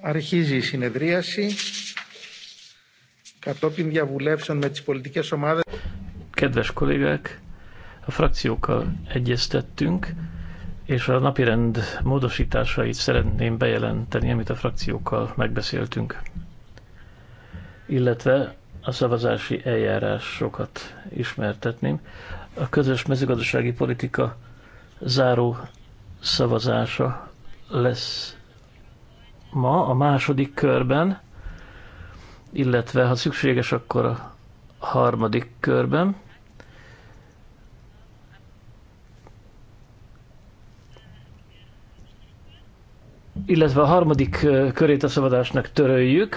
Αρχίζει η συνεδρίαση κατόπιν διαβουλεύσεων με τις πολιτικές ομάδες. Kedves kollégák, a frakciókkal egyeztettünk, és a napirend módosításait szeretném bejelenteni, amit a frakciókkal megbeszéltünk. Illetve a szavazási eljárásokat ismertetném. A közös mezőgazdasági politika záró szavazása lesz ma a második körben, illetve ha szükséges, akkor a harmadik körben. Illetve a harmadik körét a szavazásnak töröljük,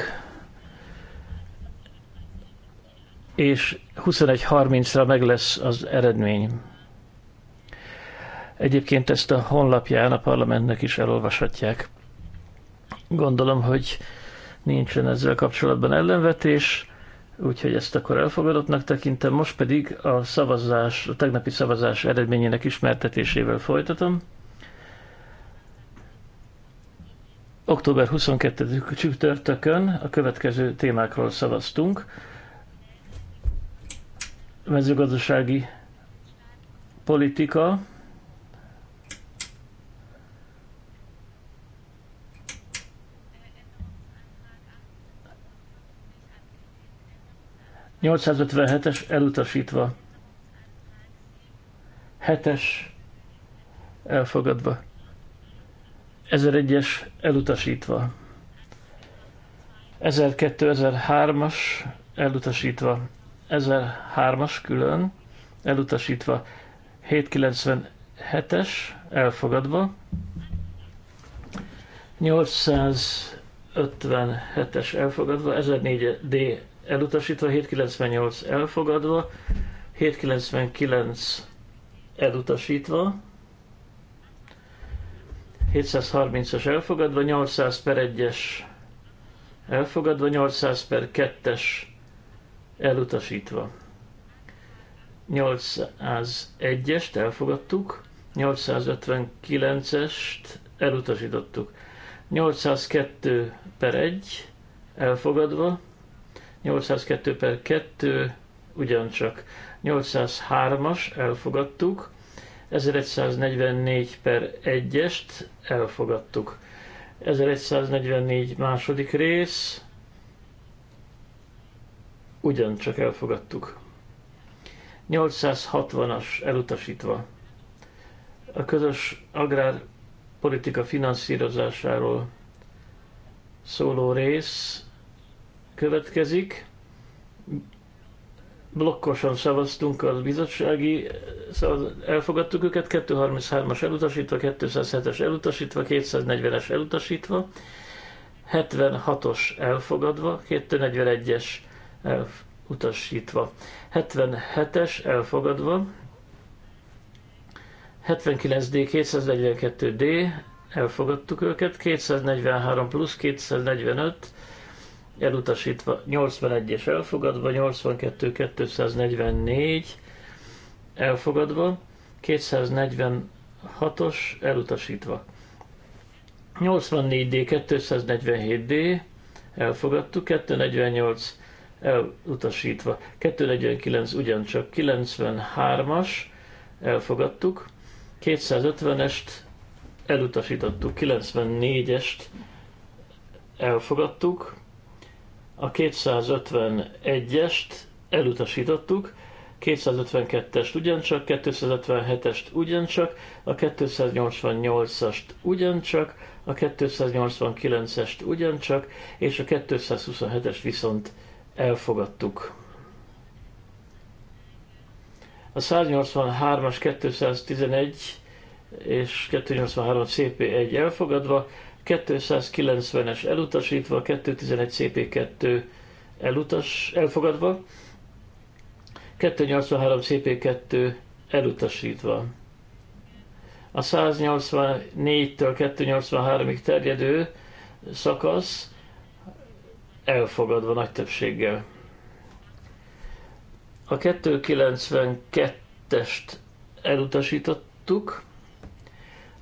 és 21.30-ra meg lesz az eredmény. Egyébként ezt a honlapján a parlamentnek is elolvashatják. Gondolom, hogy nincsen ezzel kapcsolatban ellenvetés, úgyhogy ezt akkor elfogadottnak tekintem. Most pedig a szavazás, a tegnapi szavazás eredményének ismertetésével folytatom. Október 22. csütörtökön a következő témákról szavaztunk. Mezőgazdasági politika, 857-es elutasítva. 7-es elfogadva. 1001-es elutasítva. 1002-1003-as elutasítva. 1003-as külön elutasítva. 797-es elfogadva. 857-es elfogadva. 1004 D elutasítva, 798 elfogadva, 799 elutasítva, 730-as elfogadva, 800 per 1-es elfogadva, 800 per 2-es elutasítva. 801-est elfogadtuk, 859-est elutasítottuk. 802 per 1 elfogadva, 802 per 2 ugyancsak 803-as elfogadtuk, 1144 per 1-est elfogadtuk. 1144 második rész ugyancsak elfogadtuk. 860-as elutasítva. A közös agrárpolitika finanszírozásáról szóló rész következik. Blokkosan szavaztunk az bizottsági, szavaz, elfogadtuk őket, 233-as elutasítva, 207-es elutasítva, 240-es elutasítva, 76-os elfogadva, 241-es elutasítva, 77-es elfogadva, 79D, 242D, elfogadtuk őket, 243 plusz 245, elutasítva 81-es elfogadva, 82-244 elfogadva, 246-os elutasítva. 84D, 247D elfogadtuk, 248 elutasítva, 249 ugyancsak, 93-as elfogadtuk, 250-est elutasítottuk, 94-est elfogadtuk, a 251-est elutasítottuk, 252-est ugyancsak, 257-est ugyancsak, a 288-ast ugyancsak, a 289-est ugyancsak, és a 227-est viszont elfogadtuk. A 183-as 211 és 283 CP1 elfogadva, 290-es elutasítva, 211 CP2 elutas, elfogadva, 283 CP2 elutasítva. A 184-től 283-ig terjedő szakasz elfogadva nagy többséggel. A 292-est elutasítottuk,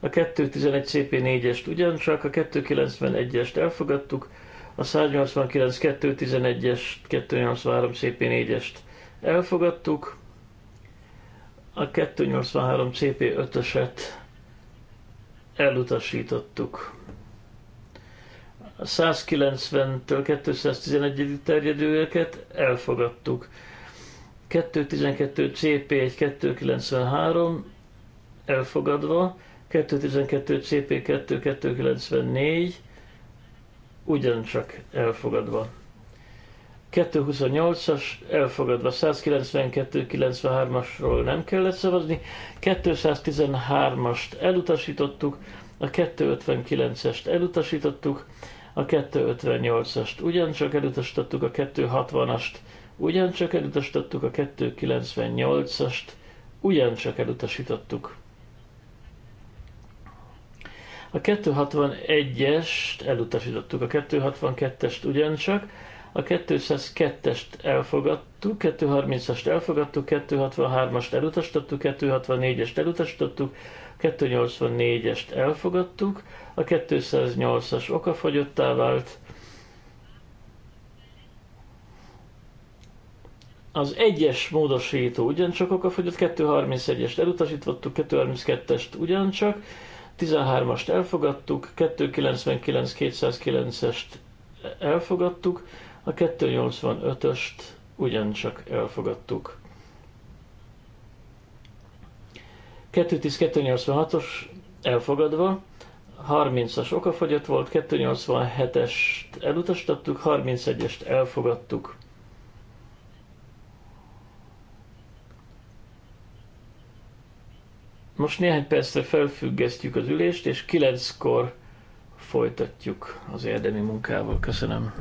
a 211 CP4-est ugyancsak, a 291-est elfogadtuk, a 189 211-est, 283 CP4-est elfogadtuk, a 283 CP5-eset elutasítottuk. A 190-től 211 terjedőeket elfogadtuk. 212 CP1 293 elfogadva, 212 cp 2294 ugyancsak elfogadva. 228-as elfogadva, 192-93-asról nem kellett szavazni, 213-ast elutasítottuk, a 259-est elutasítottuk, a 258-ast ugyancsak elutasítottuk, a 260-ast ugyancsak elutasítottuk, a 298-ast ugyancsak elutasítottuk. A 261-est elutasítottuk, a 262-est ugyancsak, a 202-est elfogadtuk, 230 est elfogadtuk, 263-ast elutasítottuk, 264-est elutasítottuk, 284-est elfogadtuk, a 208-as okafogyottá vált, az egyes módosító ugyancsak okafogyott, 231-est elutasítottuk, 232-est ugyancsak, 13-ast elfogadtuk, 299-209-est elfogadtuk, a 285-öst ugyancsak elfogadtuk. 210-286-os elfogadva, 30-as okafogyott volt, 287-est elutasítottuk, 31-est elfogadtuk. Most néhány percre felfüggesztjük az ülést, és kilenckor folytatjuk az érdemi munkával. Köszönöm.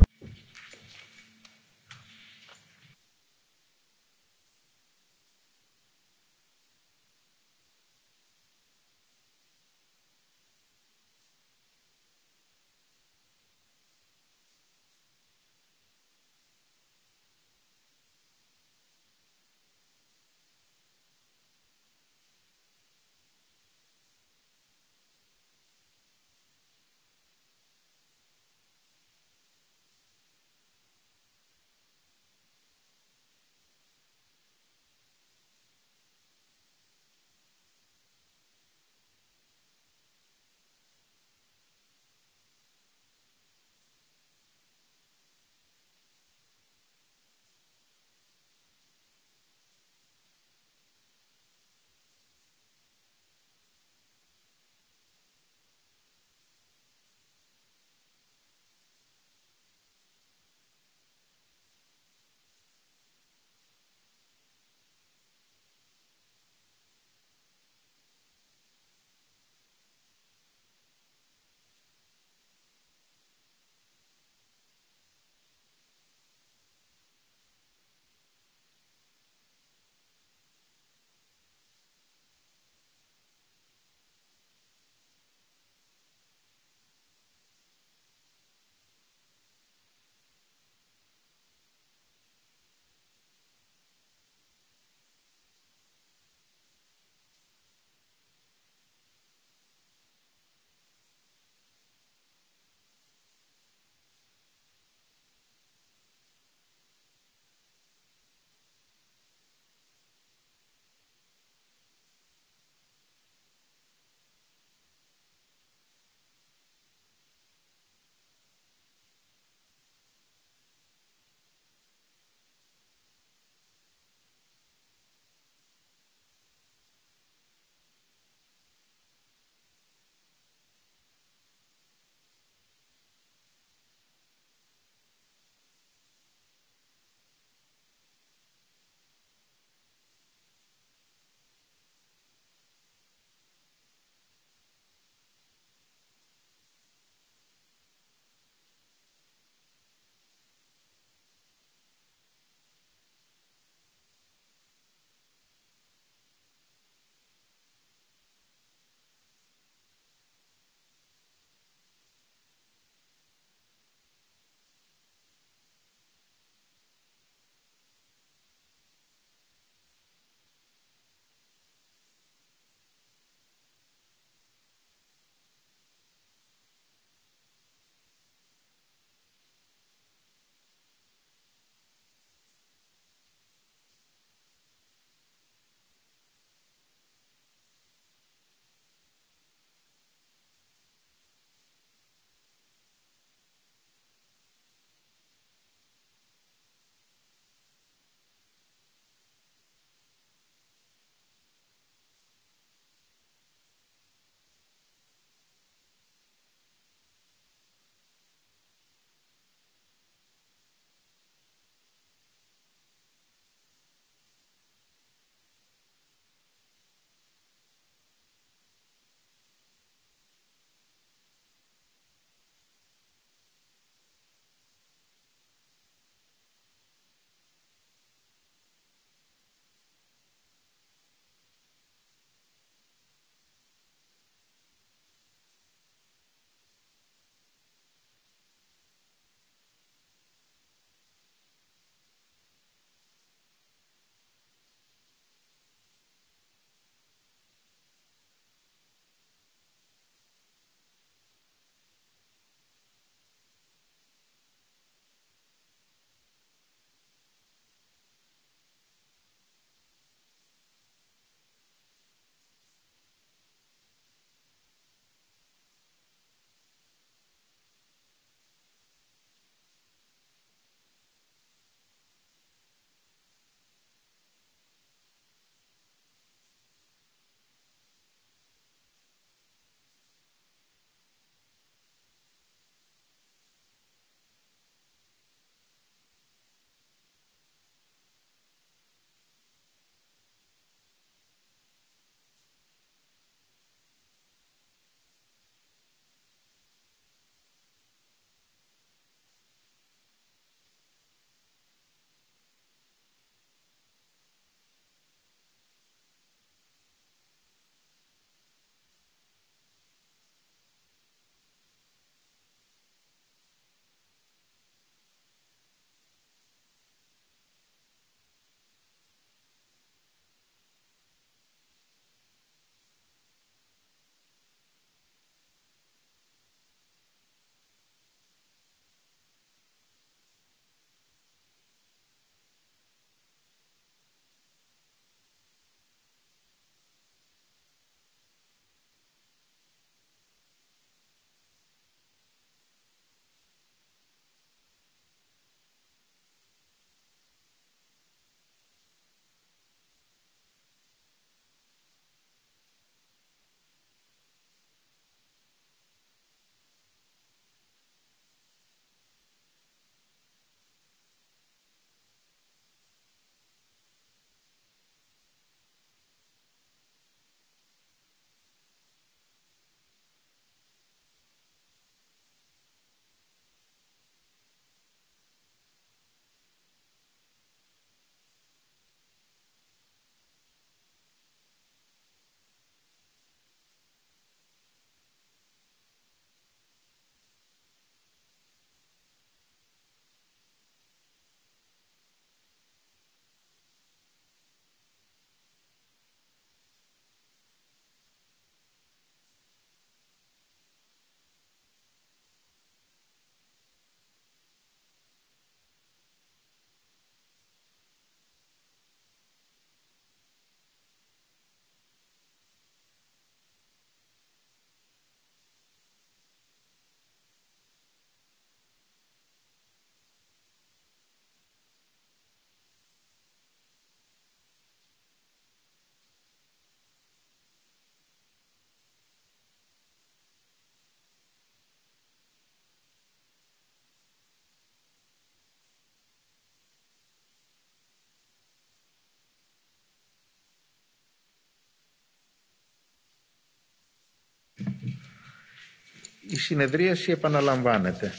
Η συνεδρίαση επαναλαμβάνεται.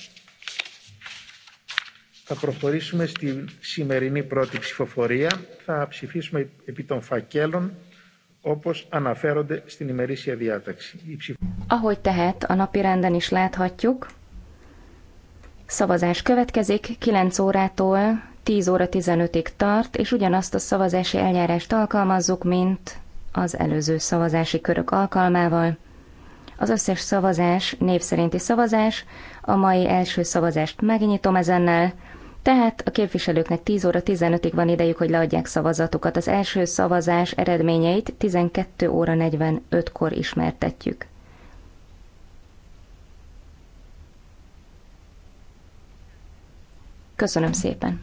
Θα προχωρήσουμε στη σημερινή πρώτη ψηφοφορία. Θα ψηφίσουμε επί των φακέλων όπως αναφέρονται στην ημερήσια διάταξη. Ahogy tehet, a napi renden is láthatjuk, szavazás következik 9 órától 10 óra 15-ig tart, és ugyanazt a szavazási eljárást alkalmazzuk, mint az előző szavazási körök alkalmával. Az összes szavazás név szerinti szavazás, a mai első szavazást megnyitom ezennel, tehát a képviselőknek 10 óra 15-ig van idejük, hogy leadják szavazatukat. Az első szavazás eredményeit 12 óra 45-kor ismertetjük. Köszönöm szépen!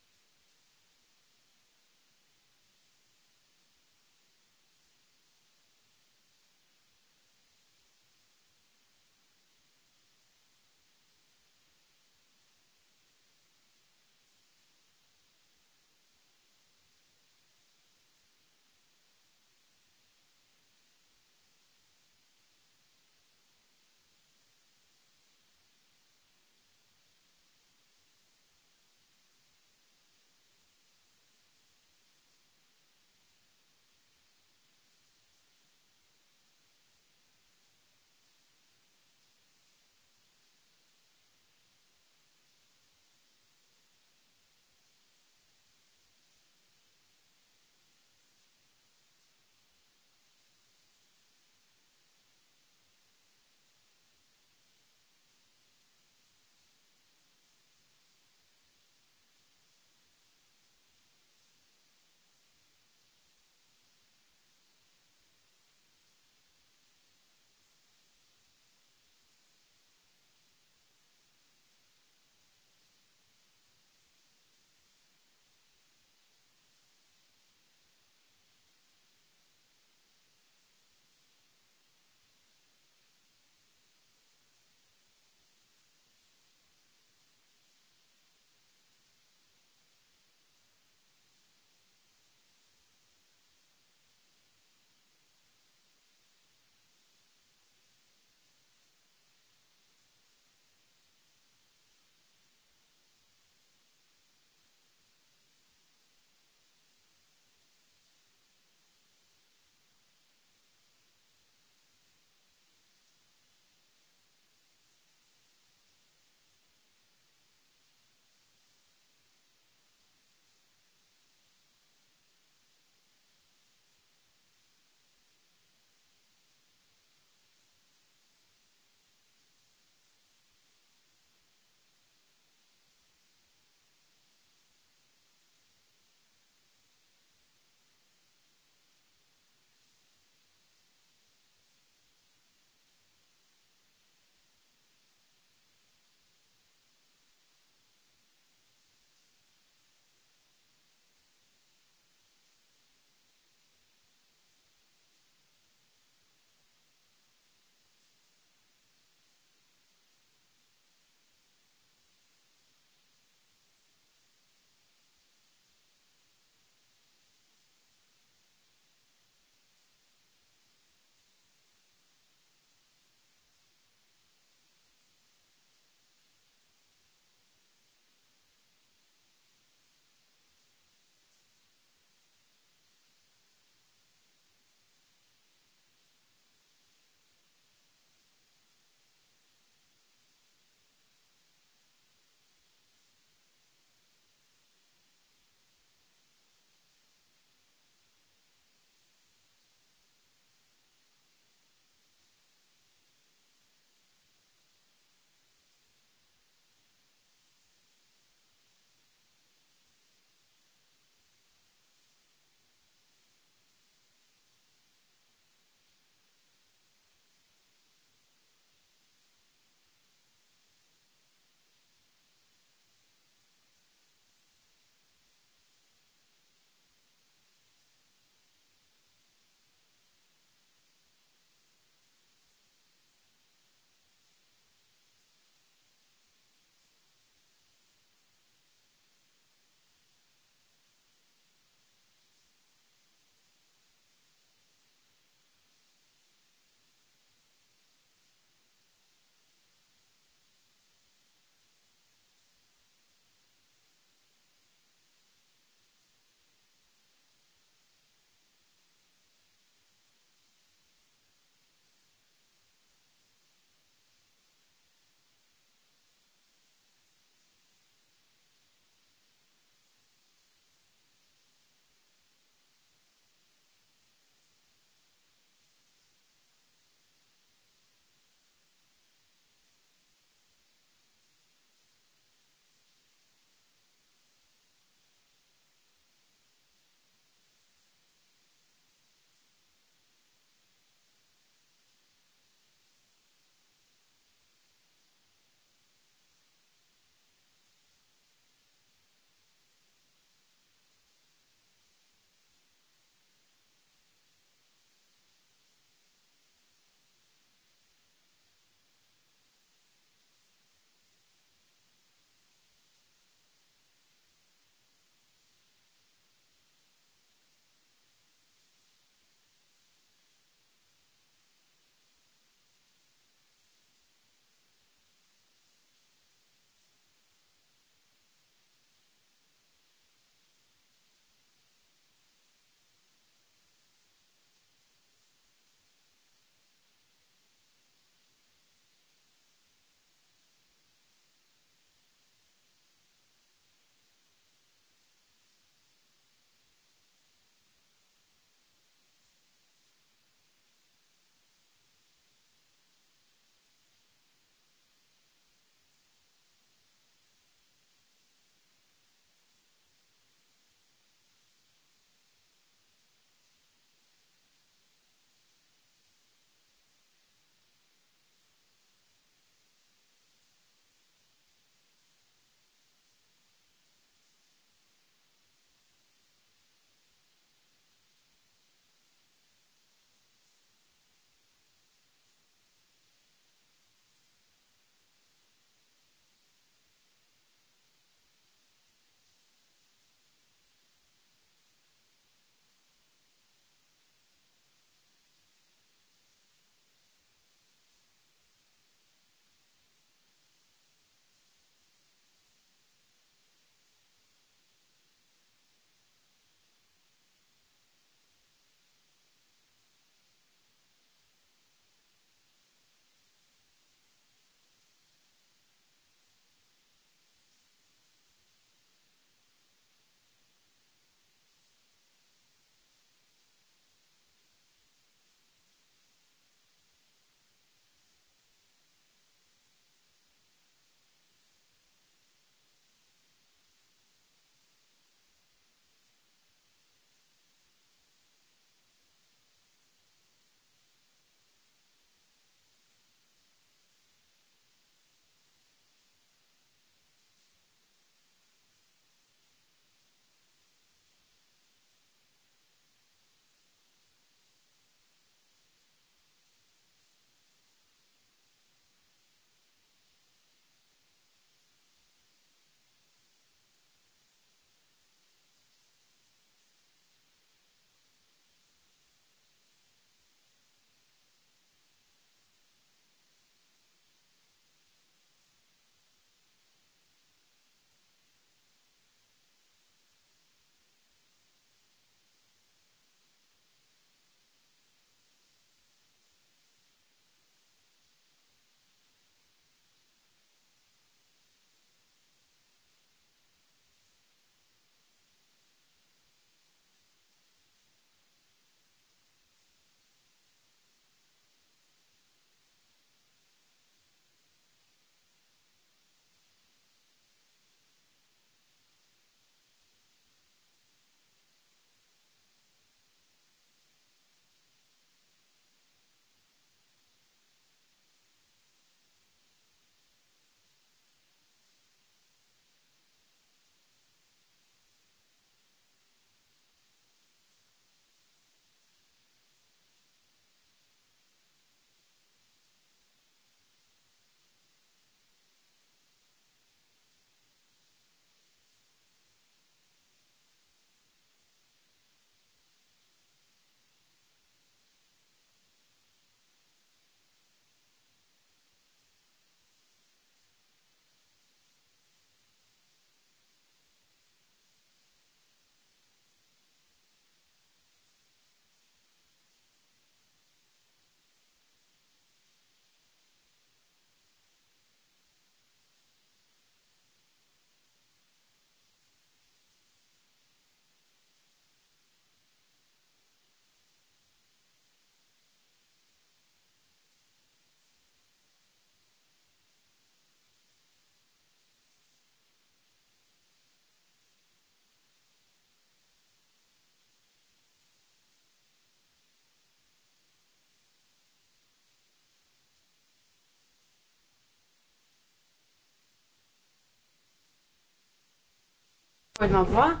Colmova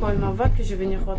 Colmova, que je vais venir voir.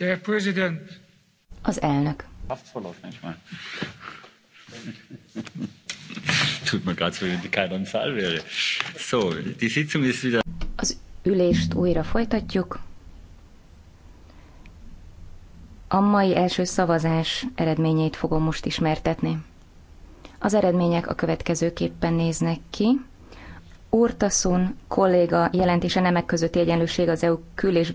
Der Präsident. Az elnök. Haft verläuft manchmal tut gerade so, wenn die wäre. So, die Sitzung ist wieder... Az ülést újra folytatjuk. A mai első szavazás eredményeit fogom most ismertetni. Az eredmények a következőképpen néznek ki. Urtasun kolléga jelentése nemek közötti egyenlőség az EU kül- és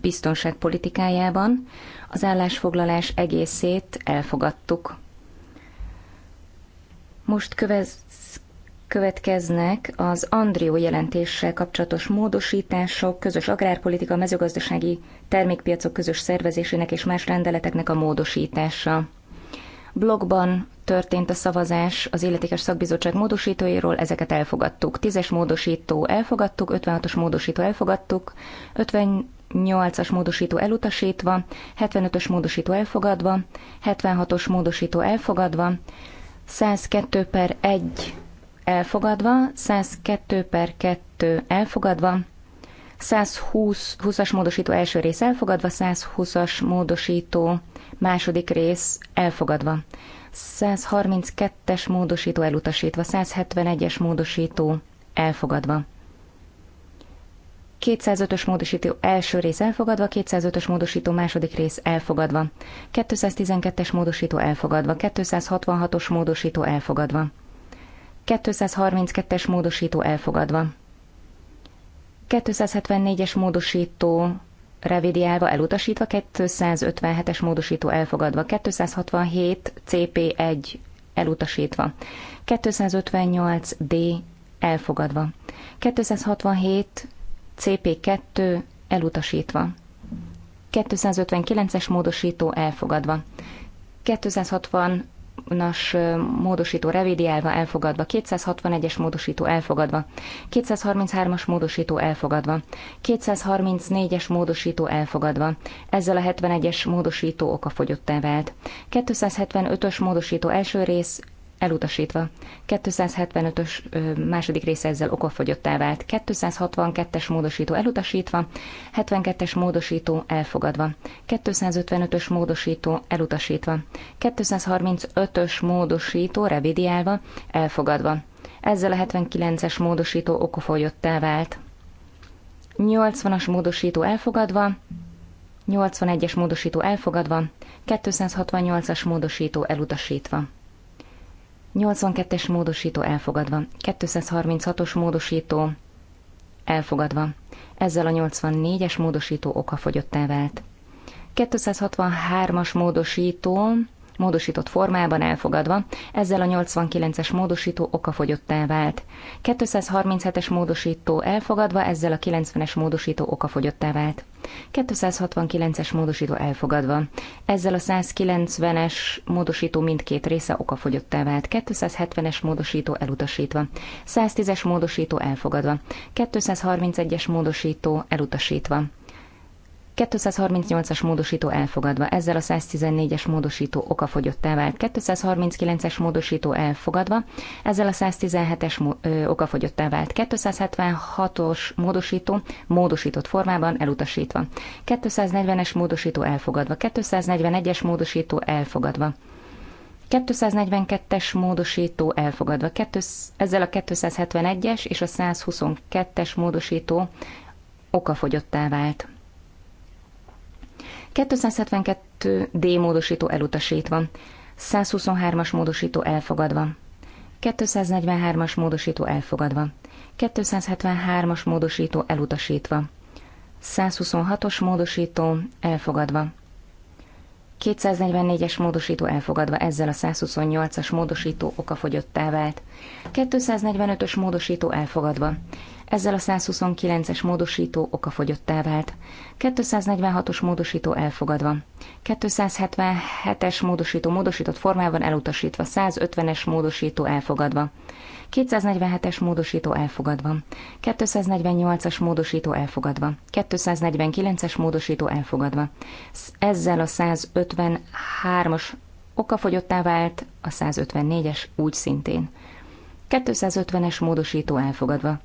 biztonságpolitikájában. Az állásfoglalás egészét elfogadtuk. Most kövez, következnek az Andrió jelentéssel kapcsolatos módosítások, közös agrárpolitika, mezőgazdasági termékpiacok közös szervezésének és más rendeleteknek a módosítása. Blogban történt a szavazás az Illetékes Szakbizottság módosítóiról, ezeket elfogadtuk. Tízes módosító elfogadtuk, 56-os módosító elfogadtuk, 58-as módosító elutasítva, 75-ös módosító elfogadva, 76-os módosító elfogadva, 102 per 1 elfogadva, 102 per 2 elfogadva, 120, as módosító első rész elfogadva, 120-as módosító második rész elfogadva, 132-es módosító elutasítva, 171-es módosító elfogadva, 205-ös módosító első rész elfogadva, 205-ös módosító második rész elfogadva, 212-es módosító elfogadva, 266-os módosító elfogadva, 232-es módosító elfogadva, 274-es módosító revidiálva elutasítva, 257-es módosító elfogadva, 267 CP1 elutasítva, 258 D elfogadva, 267 CP2 elutasítva. 259-es módosító elfogadva. 260-as módosító revédiálva elfogadva, 261-es módosító elfogadva, 233-as módosító elfogadva, 234-es módosító elfogadva, ezzel a 71-es módosító okafogyottá vált. 275-ös módosító első rész elutasítva. 275-ös második része ezzel okafogyottá vált. 262-es módosító elutasítva, 72-es módosító elfogadva. 255-ös módosító elutasítva. 235-ös módosító revidiálva, elfogadva. Ezzel a 79-es módosító okafogyottá vált. 80-as módosító elfogadva, 81-es módosító elfogadva, 268-as módosító elutasítva. 82-es módosító elfogadva, 236-os módosító elfogadva. Ezzel a 84-es módosító okafogyottá vált. 263-as módosító módosított formában elfogadva, ezzel a 89-es módosító okafogyottá vált. 237-es módosító elfogadva, ezzel a 90-es módosító okafogyottá vált. 269-es módosító elfogadva, ezzel a 190-es módosító mindkét része okafogyottá vált. 270-es módosító elutasítva, 110-es módosító elfogadva, 231-es módosító elutasítva. 238-as módosító elfogadva, ezzel a 114-es módosító okafogyottá vált. 239-es módosító elfogadva, ezzel a 117-es okafogyottá vált. 276-os módosító módosított formában elutasítva. 240-es módosító elfogadva, 241-es módosító elfogadva. 242-es módosító elfogadva, ezzel a 271-es és a 122-es módosító okafogyottá vált. 272 D módosító elutasítva, 123-as módosító elfogadva, 243-as módosító elfogadva, 273-as módosító elutasítva, 126-os módosító elfogadva, 244-es módosító elfogadva ezzel a 128-as módosító okafogyottá vált. 245-ös módosító elfogadva ezzel a 129-es módosító okafogyottá vált. 246-os módosító elfogadva. 277-es módosító módosított formában elutasítva. 150-es módosító elfogadva. 247-es módosító elfogadva. 248-as módosító elfogadva. 249-es módosító elfogadva. Ezzel a 153-as okafogyottá vált, a 154-es úgy szintén. 250-es módosító elfogadva,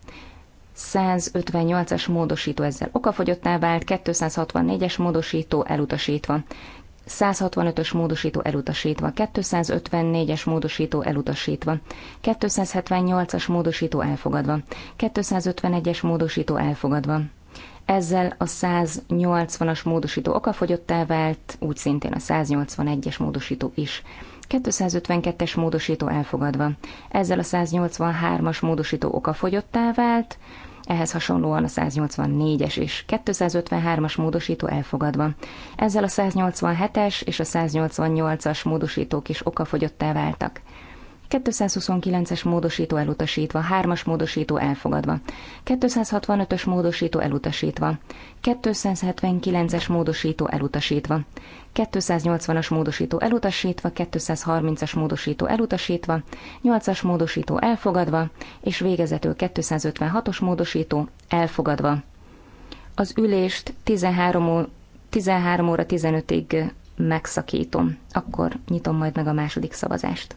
158-as módosító ezzel okafogyottá vált, 264-es módosító elutasítva. 165-ös módosító elutasítva, 254-es módosító elutasítva, 278-as módosító elfogadva, 251-es módosító elfogadva. Ezzel a 180-as módosító okafogyottá vált, úgy szintén a 181-es módosító is. 252-es módosító elfogadva. Ezzel a 183-as módosító okafogyottá vált, ehhez hasonlóan a 184-es és 253-as módosító elfogadva. Ezzel a 187-es és a 188-as módosítók is okafogyottá váltak. 229-es módosító elutasítva, 3-as módosító elfogadva, 265-ös módosító elutasítva, 279-es módosító elutasítva, 280-as módosító elutasítva, 230-as módosító elutasítva, 8-as módosító elfogadva, és végezetül 256-os módosító elfogadva. Az ülést 13, 13 óra 15-ig megszakítom, akkor nyitom majd meg a második szavazást.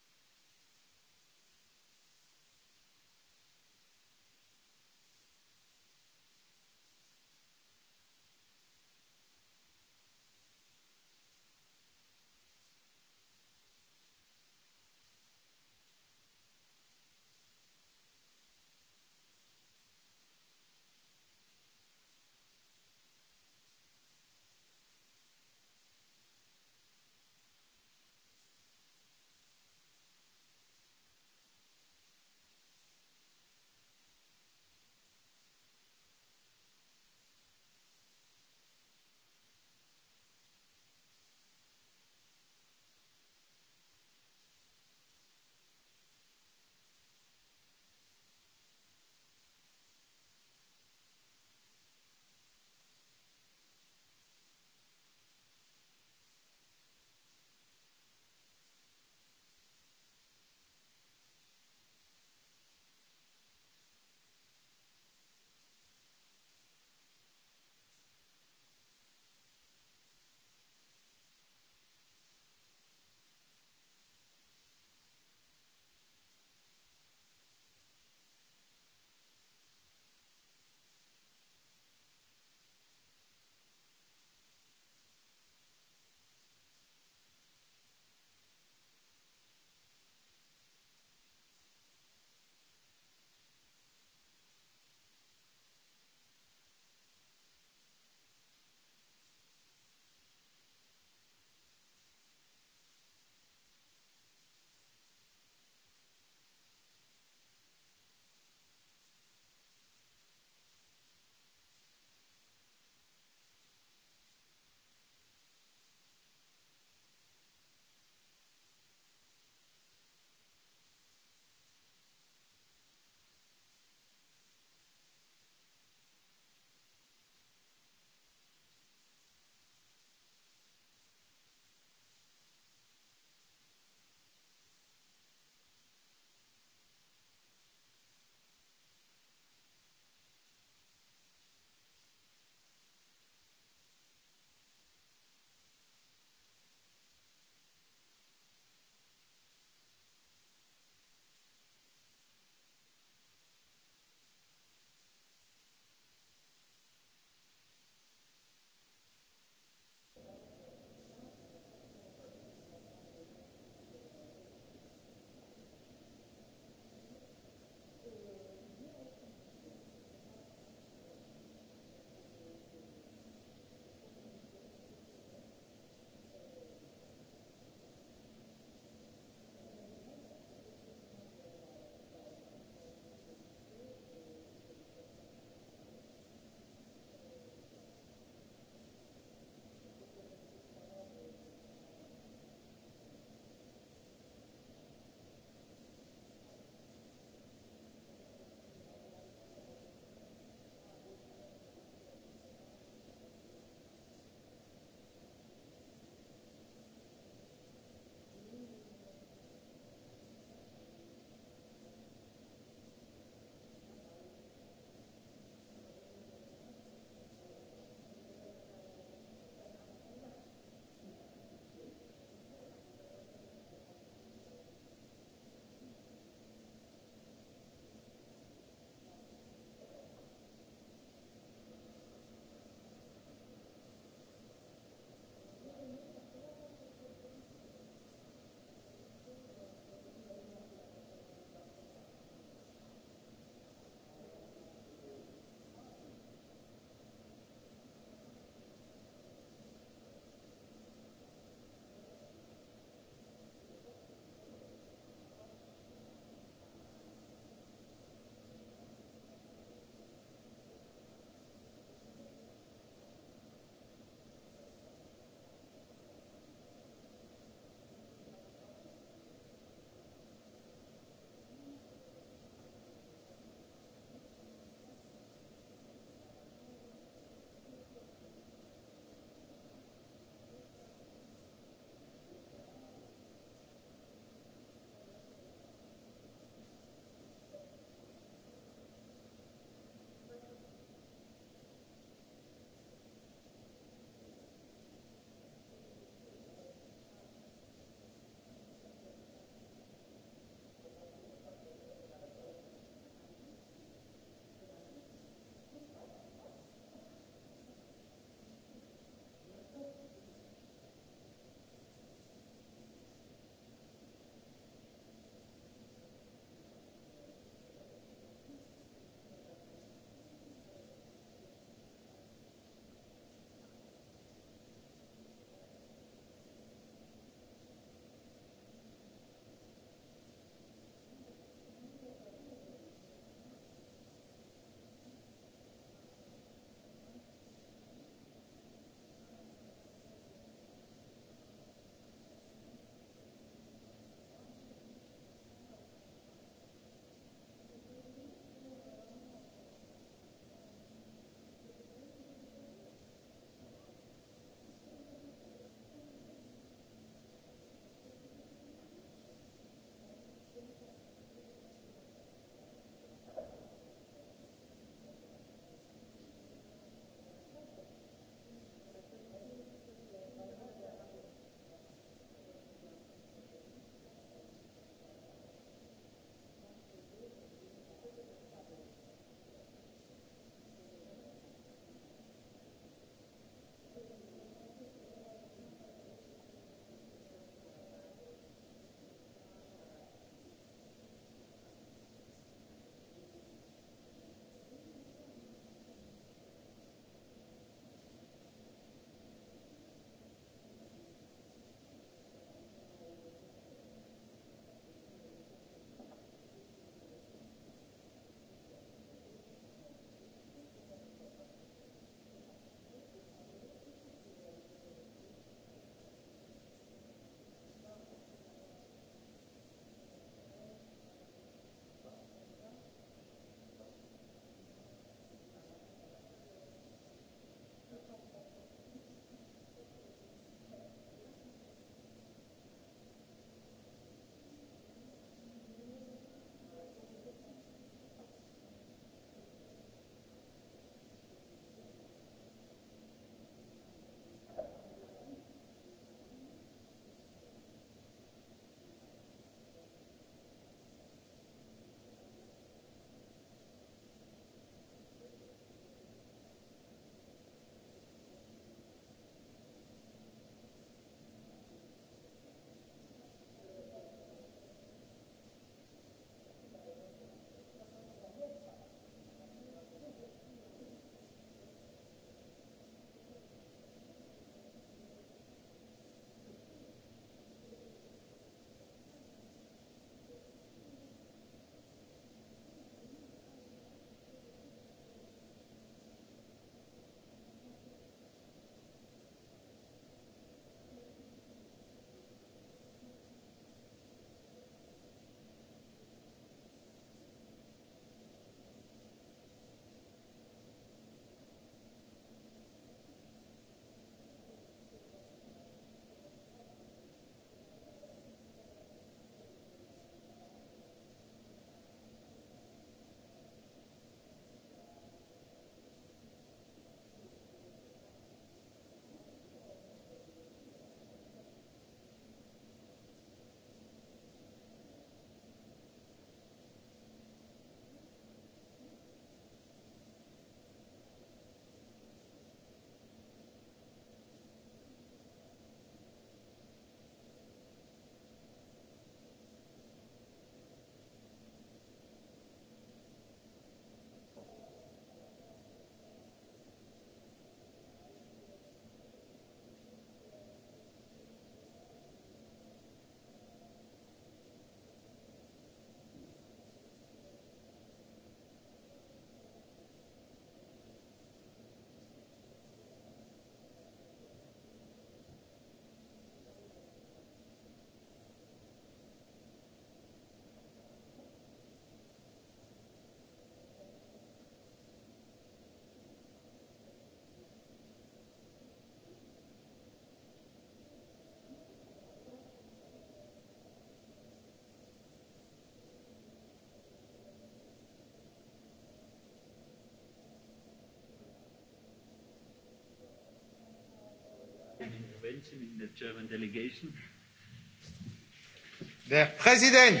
Der Präsident!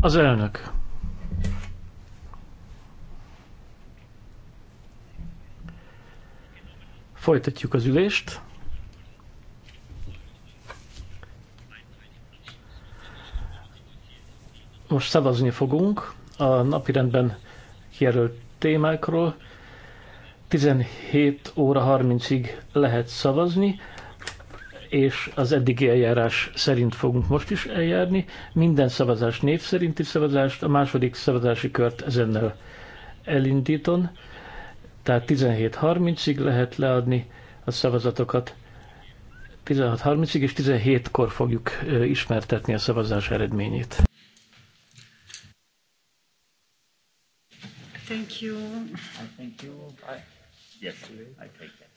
Az elnök. Folytatjuk az ülést. Most szavazni fogunk a napirendben kijelölt témákról. 17 óra 30-ig lehet szavazni és az eddigi eljárás szerint fogunk most is eljárni. Minden szavazás név szerinti szavazást, a második szavazási kört ezennel elindítom, tehát 17.30-ig lehet leadni a szavazatokat. 16.30-ig és 17-kor fogjuk ismertetni a szavazás eredményét. Thank you. I thank you. I, yes, I take that.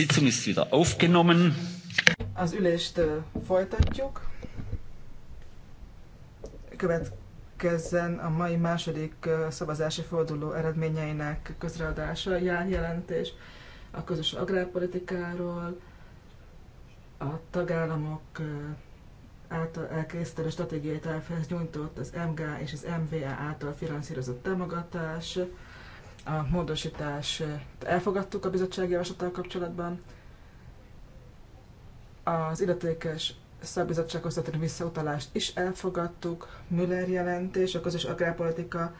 Sitzung ist wieder aufgenommen. Az ülést folytatjuk. Következzen a mai második szavazási forduló eredményeinek közreadása, jelentés a közös agrárpolitikáról, a tagállamok által elkészített stratégiai tervhez nyújtott az MGA és az MVA által finanszírozott támogatás, a módosítás. Elfogadtuk a bizottsági javaslattal kapcsolatban. Az illetékes szabizottsághoz történő visszautalást is elfogadtuk. Müller jelentés, a közös agrárpolitika,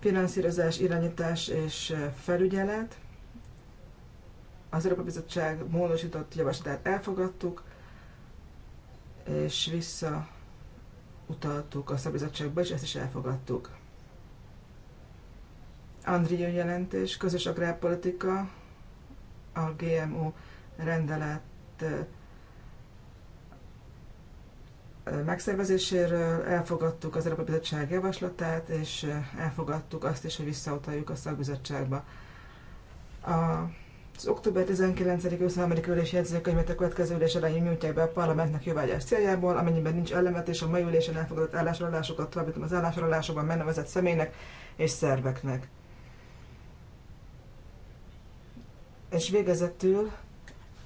finanszírozás, irányítás és felügyelet. Az Európai Bizottság módosított javaslatát elfogadtuk, és visszautaltuk a szabizottságba, és ezt is elfogadtuk. Andri jelentés, közös agrárpolitika, a GMO rendelet megszervezéséről, elfogadtuk az Európai Bizottság javaslatát, és elfogadtuk azt is, hogy visszautaljuk a szakbizottságba. A, az október 19. 23. ülés jegyzőkönyvet a következő ülés elején nyújtják be a parlamentnek jóvágyás céljából, amennyiben nincs ellenvetés a mai ülésen elfogadott állásolásokat továbbítom az állásolásokban megnevezett személynek és szerveknek. És végezetül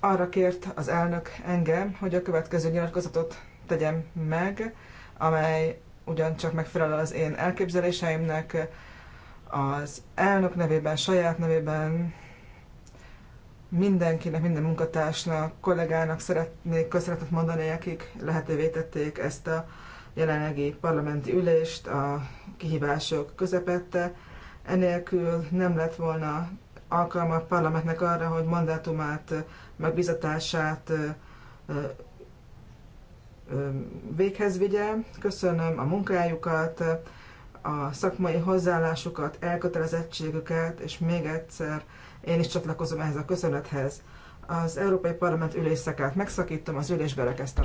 arra kért az elnök engem, hogy a következő nyilatkozatot tegyem meg, amely ugyancsak megfelel az én elképzeléseimnek, az elnök nevében, saját nevében, mindenkinek, minden munkatársnak, kollégának szeretnék köszönetet mondani, akik lehetővé tették ezt a jelenlegi parlamenti ülést a kihívások közepette. Enélkül nem lett volna alkalma a parlamentnek arra, hogy mandátumát, megbizatását véghez vigye. Köszönöm a munkájukat, a szakmai hozzáállásukat, elkötelezettségüket, és még egyszer én is csatlakozom ehhez a köszönethez. Az Európai Parlament ülésszakát megszakítom, az ülésbe rekeztem.